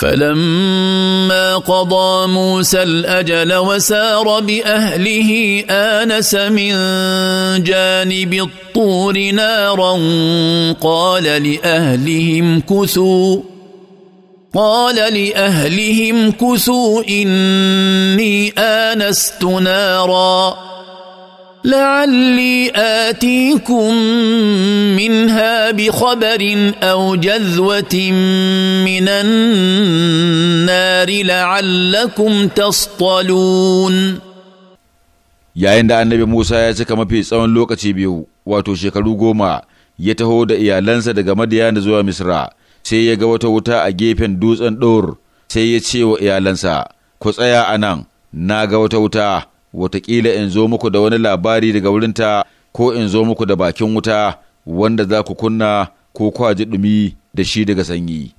فلما قضى موسى الاجل وسار باهله انس من جانب الطور نارا قال لاهلهم كثوا قال لاهلهم كثوا اني انست نارا لعلي اتيكم منها بخبر او جذوه من النار لعلكم تصطلون yayin da annabi Musa ya cika mafi tsawon lokaci biyu wato shekaru goma ya taho da iyalansa daga Madiyana zuwa Misra sai ya ga wata wuta a gefen dutsen Dor sai ya ce wa iyalansa ku tsaya anan na ga wata wuta wataƙila in zo muku da wani labari daga wurinta ko in zo muku da bakin wuta wanda za ku kunna ko ji ɗumi da shi daga sanyi.